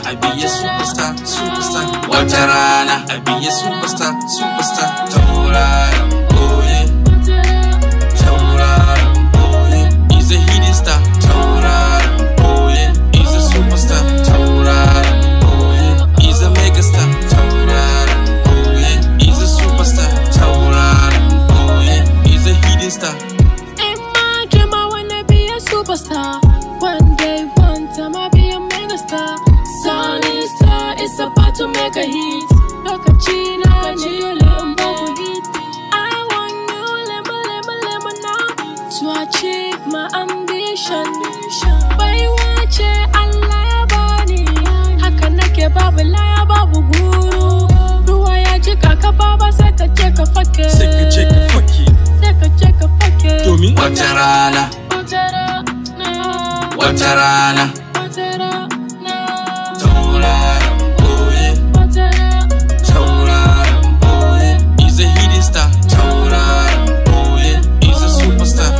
I be a superstar, superstar, superstar. I be a superstar, superstar. superstar. One day, one time, I'll be a Sun is star, it's about to make a hit. Look at China, China, little hit. I want you, lemon, lemon, lemon now to achieve my ambition. He's a hidden star He's a superstar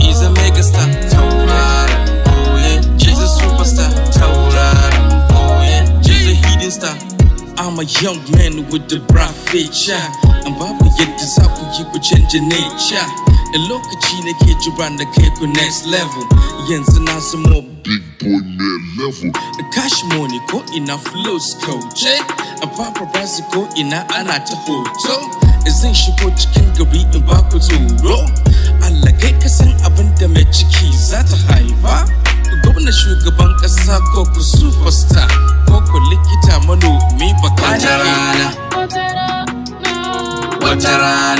He's a megastar a superstar a hidden star I'm a young man with a bright future And Baba yet desire for you to change your nature in lokaci ke jira da kai ku next level yanzu na zama big boy ne level cash money ko ina flows kauce a basu ko ina ana ta hoto zan shigo cikin gari in ba ku tsoro Allah kai ka san abin da mai ciki za ta haifa gwamna shugaban kasa ko ku superstar ko ku likita manomi baka rana wata rana